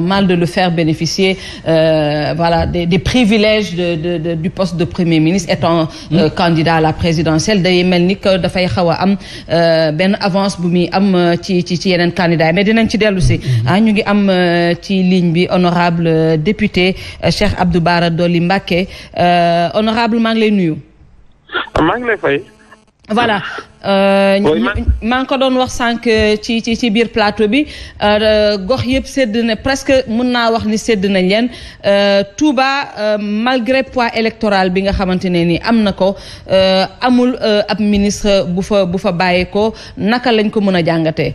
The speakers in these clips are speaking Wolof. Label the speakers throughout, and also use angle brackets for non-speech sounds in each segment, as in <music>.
Speaker 1: mal de le faire bénéficier euh, voilà des, des privilèges de, de, de du poste de premier ministre étant euh, mm. candidat à la présidentielle day mel ni que dafay xaw a am euh, benn avance bu mi am euh, ci ci ci yeneen candidat yi mais dinañ ci dellu si hmm. ah ñu ngi am ci ligne bi honorable député Cheikh Abdou Bara Dolly Mbacké honorable maa ngi lay nuyu
Speaker 2: maa ngi lay voilà euh,
Speaker 1: maa ngi ko doon wax sànq ci ci ci biir plateau bi euh, gox yëpp sédd na presque mun naa wax ni sédd nañ leen euh, Touba malgré poids électoral bi nga xamante ne ni am na ko amul ab ministre bu fa bu bàyyi ko naka lañ ko mën a jàngate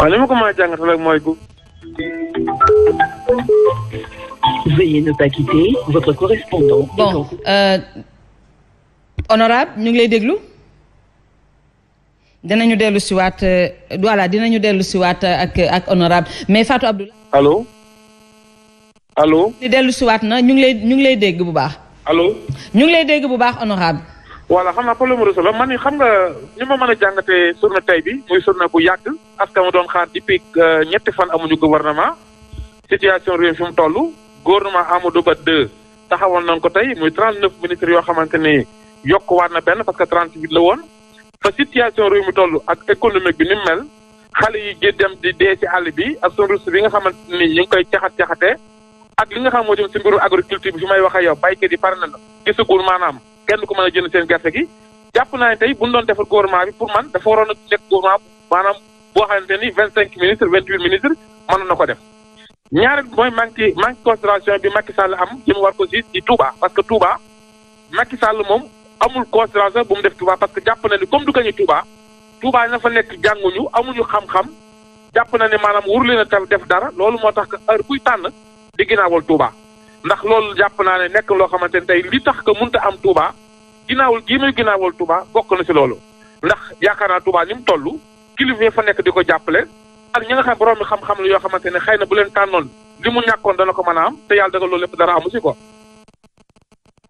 Speaker 2: waaw li bon
Speaker 1: honorable ñu ngi lay déglu. dinañu dellu si waat euh, dinañu dellu siwaat waat euh, ak ak honorable mais Fatou Abdoulaye.
Speaker 3: allo
Speaker 2: allo.
Speaker 1: di dellu siwaat na ñu ngi lay ñu ngi lay dégg bu baax. allo. ñu ngi lay dégg bu baax honorable
Speaker 2: voilà xam naa problème réseau la man ni xam nga ni ma mën a jàngatee surna tey bi muy surna bu yàgg askan ma doon xaar depuis euh, ñetti fan amuñu gouvernement situation réew fi mu toll gouvernement Amadou Ba 2 taxawal nañ ko tey muy 39 ministres yoo xamante ni yokkuwaat na benn parce que 38 la woon. fa situation réew mi toll ak économique bi ni mel xale yi di dem di dee ci àll bi ak sunu ressource bi nga xamante ni ñu ngi koy caxat caxate ak li nga xam moo jëm ci mbirum bi fi may wax yow baykat yi pare na la maanaam kenn ku mën a jënd seen gerte gi jàpp naa ne tey bu ñu doon defar gouvernement bi pour man dafa waroon a nekk gouvernement maanaam boo xamante ni vingt cinq ministres vingt huit ministres mënoon na ko def ñaareel mooy manque manque concentration bi Macky Sall am jëm war ko ci ci Touba parce que Touba Macky Sall moom amul considération bu mu def Touba parce que jàpp na ni comme du gañu Touba Touba na fa nekk jànguñu amuñu xam-xam jàpp na ne maanaam wur leen a def dara loolu moo tax que heure buy tànn di ginnaawal Touba ndax loolu jàpp naa ne nekk loo xamante ne tey li tax que mënta am Touba ginnaawul gii muy ginnaawal Touba bokk na si loolu ndax yaakaar naa Touba ni mu toll kilifa fa nekk di ko jàppale ak ñi nga xam xam-xam yoo xamante ne xëy na bu leen tànnoon li mu ñàkkoon a am te yàlla dagal loolu lépp dara amu si ko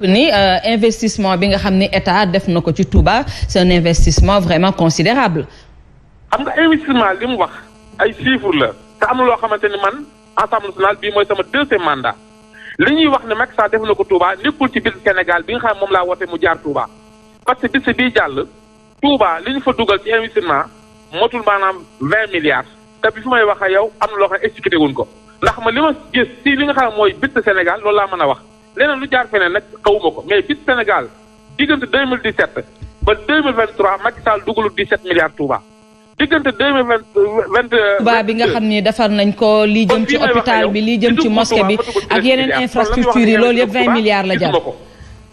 Speaker 1: ni euh, investissement bi nga xam ni état def na ko ci Touba c'est un investissement vraiment considérable
Speaker 2: xam nga investissement li mu wax ay chiffres la te am na loo xamante ni man Assemblée nationale bii mooy sama deuxième mandat li ñuy wax ne Macky Sall def na ko Touba nekkul ci biir Sénégal bi nga xam moom laa woote mu jaar Touba parce que bis bii jàll Touba li ñu fa dugal ci investissement motul maanaam vingt milliards te bi fi may wax ak yow am na loo xam wuñ ko ndax ma li ma gis nga xam mooy bis Sénégal loolu laa mën a wax leneen lu jaar feneen nag xawuma ko mais fii Sénégal diggante 2017 ba 2023 Macky Sall dugalu 17 milliards Touba. diggante 2020 euh, Touba bi
Speaker 1: nga xam ni defar nañ ko lii jëm ci hôpital bi lii jëm ci mosquée bi ak yeneen infrastructure yi loolu yëpp 20 milliards la jar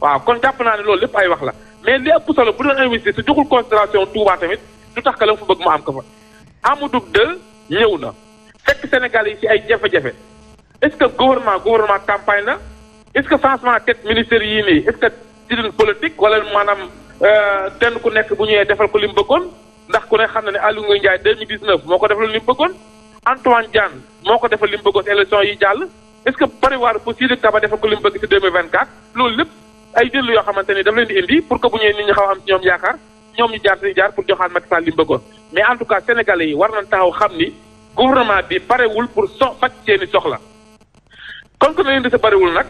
Speaker 2: waaw kon jàpp naa ne loolu lépp ay wax la mais li ëpp solo bu doon investir su joxul considération Touba tamit lu tax ka la fa bëgg mu am ko fa Amadou de ñëw na fekk Sénégal yi ci ay jafe-jafe est-ce que gouvernement gouvernement campagne na est-ce que changement tête ministère yii nii est-ce que ci politique wala maanaam euh, kenn ku nekk bu ñëwee defal ko li mu bëggoon ndax ku ne xam na ne Aliou Ngoye Ndiaye 2019 moo ko defal li bëggoon Antoine Diagne moo ko defal li bëggoon élection yi jàll est-ce que pariwaar pour Sidiki Kaba loolu lépp ay jël yoo xamante ni daf leen di indi pour que bu ñëwee nit ñi xaw am ci ñoom yaakaar ñoom ñu jaar si jaar pour joxaat Macky Sall li mu bëggoon mais en tout cas sénégalais yi war nañ taxaw xam ni gouvernement parewul na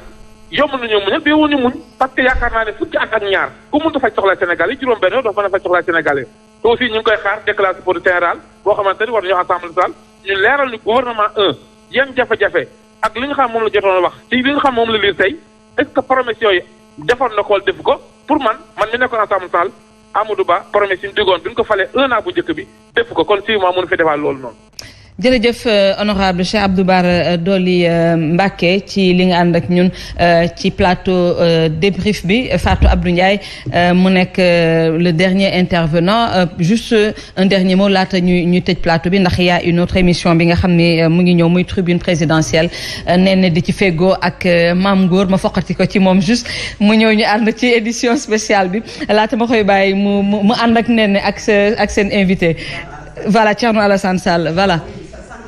Speaker 2: yomb nañoo muñ ak dee woon ñu muñ parce yaakaar naa ne fukki at ak ñaar ku mënta faj soxla Sénégal yi juróom benn yoo dafa mën a faj soxla Sénégal yi te aussi ñu ngi koy xaar déclaration pour général boo xamante ni war nañoo assemblée nationale ñu leeral ni gouvernement un yan jafe-jafe ak li nga xam moom la jotoon wax ci li nga xam moom la liir tey est ce que promesse na ko wala def ko pour man man mi nekkoon assemblée nationale Amadou Ba promesse digoon ko falee un bi def ko kon si maa mun fi defal
Speaker 1: jërëjëf euh, honorable Cheikh Abdou Bara euh, Dolly euh, Mbacké ci li nga ànd ak ñun ci plateau débrief bi Fatou Abdou Ndiaye mu nekk le dernier intervenant juste un dernier mot laata ñu ñu tëj plateau bi ndax y a une autre émission bi nga xam ne mu ngi ñëw muy tribune présidentielle nee na di ci feggoo ak Mame Ngor ma foqati ko ci moom juste mu ñëw ñu ànd ci édition spéciale bi laata ma koy bàyyi mu mu ànd ak nee ak sa ak seen invité voilà Thierno Alassane Sall voilà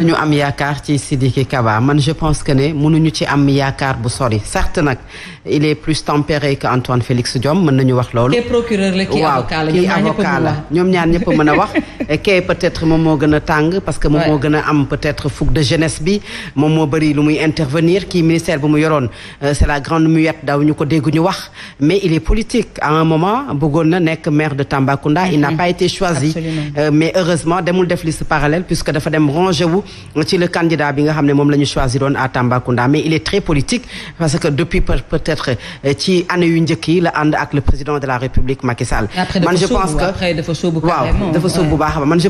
Speaker 4: ndax mën ci Sidiki Kaba man je pense que ne mënuñu ci am yaakaar bu sori certes nag il est plus tempéré que Antoine Félix Diome mën nañu wax loolu. te
Speaker 1: procureur la kii avocat la kii avocat la ñoom ñaar ñëpp a wax.
Speaker 4: <laughs> kee peut être moom moo gën a tàng parce que moom moo gën a am peut être fougue de jeunesse bi moom moo bëri lu muy intervenir kii ministère bu mu yoroon euh, c' la grande muette daw ñu ko dégg ñu wax mais il est politique à un moment bëggoon na nekk maire de Tambacounda il n'a mm-hmm. pas été choisi euh, mais heureusement demul def liste dafa dem changé wu ci le moom la ñu choisiroon à Tambacounda mais il est très politique parce que euh, yi la ànd ak le président de la République Macky Sall.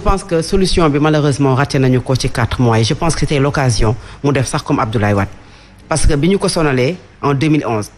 Speaker 4: pense que dafa bi malheureusement raté nañu ko ci quatre mois yi je pense que c'était l'occasion mu def sax comme Abdoulaye Wade parce que bi ñu ko sonalee en 2011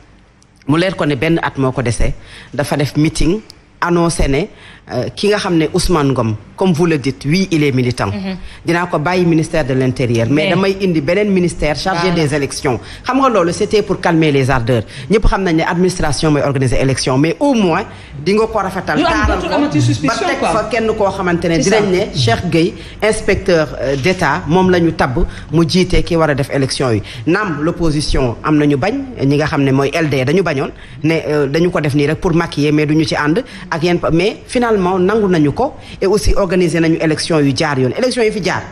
Speaker 4: mu leer ko ne benn at moo ko dese dafa def meeting. annoncé ne euh, ki nga xam ne Ousmane Ngom comme vous le dites oui il militant. Mm-hmm. dinaa ko bàyyi ministère de l' intérieur. mais damay indi beneen ministère chargé des élections xam nga loolu c' était pour calmer les ardeurs ñëpp xam nañ ne administration mooy organiser élection mais au moins di nga ko rafetal. taaral ba teg fa kenn koo xamante ne dinañ ne Cheikh Gueye inspecteur euh, d' moom la ñu tabb mu jiite ki war a def élection yi naam l' opposition am na ñu bañ ñi nga xam ne mooy LD dañu bañoon ne euh, dañu ko def nii rek pour maquiller mais duñu ci ànd. ak yenn mais finalement nangu nañu ko et aussi organiser nañu élection yu jaar yoon élection yi fi jaar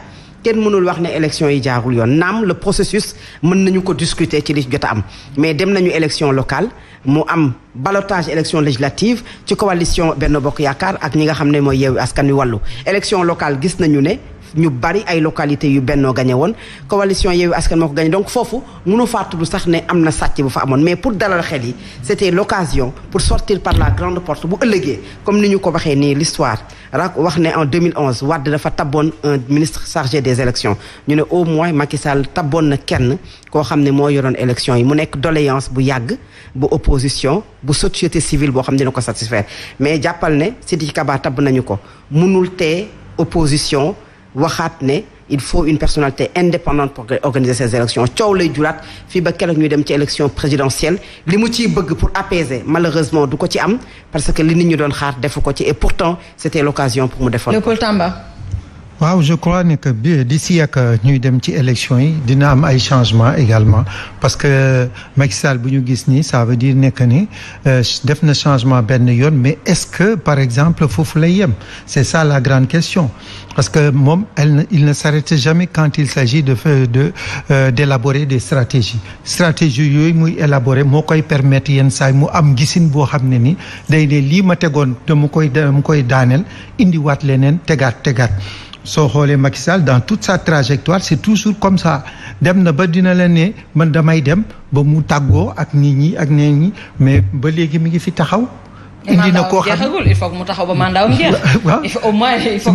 Speaker 4: kenn mënul wax ne élection yi jaarul yoon naam le processus mën nañu ko discuter ci li jot am mais dem nañu élection locale mu am ballottage élection législative ci coalition benn Bokk Yaakaar ak ñi nga xam ne mooy Yewwi Askan Wi wàllu élection locale gis nañu ne ñu bari ay localité yu bennoo gagné woon coalition Yewwi Askan moo ko gagné donc foofu mënu faa tudd sax ne am na sàcc bu fa amoon mais pour dalal xel yi c'était l'occasion pour sortir par la grande porte bu ëllëgee comme ni ñu ko waxee nii l'histoire rak wax ne en 2011 Wade dafa tabboon un ministre chargé des élections ñu ne au moins Macky Sall tabboon na kenn koo xam ne moo yoroon élections yi mu nekk doléance bu yàgg bu opposition bu société civile boo xam ne dina ko satisfaire mais jàppal ne Sidiki Kaba tabb nañu ko munul tee opposition waxaat ne il faut une personnalité indépendante pour organiser ces élections coow lay juraat fii ba keroog ñuy dem ci élection présidentielle li mu ciy bëgg pour apaiser malheureusement du ko ci am parce que li nit ñu doon xaar defu ko ci et pourtant c'était l'occasion pour mu defoon. Léopold Tamba.
Speaker 3: waaw je crois ne que bi d'ici ak euh, ñuy dem ci élection yi dina am ay changements également parce que euh, Macky Sall bu ñu gis nii ça veut dire ne que ni euh, def na changement benn yoon mais est-ce que par exemple foofu lay yem c'est ça la grande question parce que moom elle il ne s'arrête jamais quand il s'agit de de d'élaborer des stratégies stratégie yooyu muy élaborer moo koy permettre yenn saa yi mu am gisin boo xam ne nii day ne lii ma tegoon dama koy dama koy daaneel indiwaat leneen tegaat tegaat soo xoolee Macky Sall dans toute sa trajectoire c'est toujours comme ça dem na ba dina la ne man damay dem ba mu tàggoo ak nit ñi ak neen ñi mais ba léegi mi ngi fi taxaw.
Speaker 1: indi na koo xam il faut mu taxaw ba mandat am jeex. <laughs> waaw au moins il faut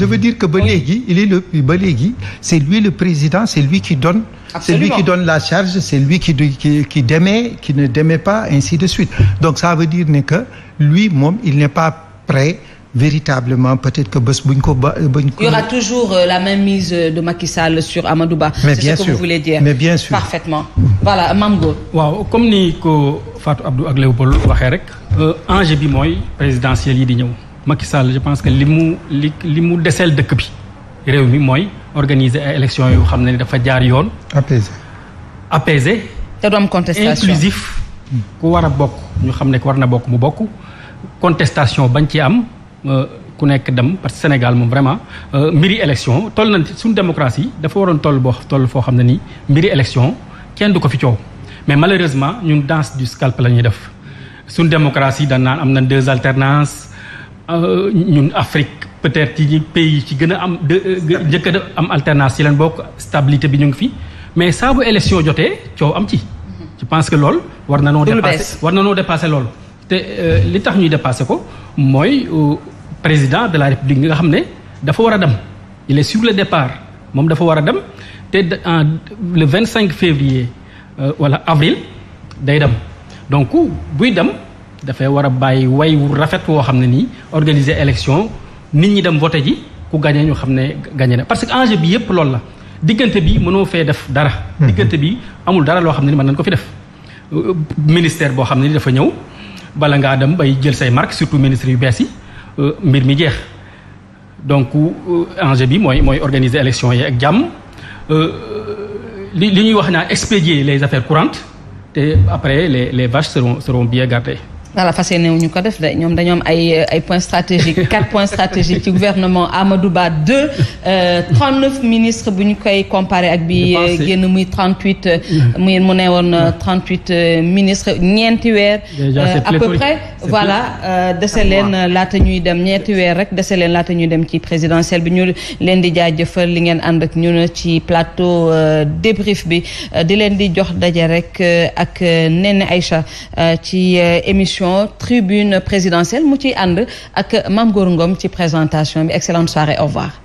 Speaker 3: je veux dire que ba léegi il est le ba léegi c'est lui le président c'est lui qui donne. c'est lui qui donne la charge c'est lui qui qui qui démet qui ne démet pas ainsi de suite donc ça veut dire ne que lui moom il n'est pas prêt. véritablement peut-être que bu buñ ko ba buñ ko.
Speaker 1: toujours euh, la même mise de Macky Sall sur Amadou Ba. mais bien sûr c'est ce que vous voulez dire. mais parfaitement.
Speaker 5: voilà Mame waaw comme ni ko fato Abdou ak Léopold waxee rek. Euh, enjeu bi mooy présidentiel yi di ñëw Macky Sall je pense que li mu li li mu deseel dëkk bi réew mi mooy organiser ay élections yoo xam ne dafa jaar yoon. apaisé. apaisé. te du am contestation inclusif hmm. ku war a bokk ñu xam ne war na bokk mu bokk contestation bañ ci am. Euh, ku nekk dem parce que Sénégal moom vraiment euh, mbiri élection toll nañ suñu démocratie dafa waroon toll boo toll foo xam ne nii mbiri élection kenn du ko fi coow mais malheureusement ñun danse du scalp la ñuy def suñu démocratie dañ naan am na deux alternance euh, ñun Afrique peut-être ci pays yi ci gën a am njëkk a am alternance ci leen bokk stabilité bi ñu ngi fi mais saa bu élection jotee coow am ci je pense que loolu war na noo dépassé war na noo dépassé loolu te li tax ñuy dépassé ko président de la république nga xam ne dafa war a dem il est sur départ moom dafa war a dem te en le vingt cinq février euh, wala avril day dem donc buy dem dafay war a bàyyi way wu rafet woo xam ne nii organiser élection nit ñi dem voté ji ku gagné ñu xam ne gagné na parce que enjeu bi yépp loolu la diggante bi mënoo fee def dara. Mhm. diggante bi amul dara loo xam ne ni mën nañ ko fi def. Euh, euh, ministère boo xam ne ni dafa ñëw bala ngaa dem bay jël say mark surtout ministre yu bees yi. Euh, mbir mi jeex donc euh, enjeu bi mooy mooy organiser élection yi ak jàmm euh, li li ñuy wax naan expédier les affaires courantes te après les les vaches seront seront bien gardées
Speaker 1: voilà fas yéene ñu ko def de ñoom dañoom am ay ay points stratégiques <laughs> quatre points stratégiques ci gouvernement Amadou Ba deux euh, trente neuf ministres bu ñu koy comparer ak bi euh, génn muy trente huit euh, mu ne woon trente huit ñeenti weer à peu près voilà dese leen laata ñuy dem ñeenti weer rek dese leen laata ñuy dem ci présidentielle bi ñu leen di jëfal li ngeen ànd ak ñu ne ci plateau débrief bi di leen di jox daje rek ak Néné Aïcha ci émission élection tribune présidentielle mu ciy ànd ak Mame Gor Ngom ci présentation bi excellente soirée au revoir.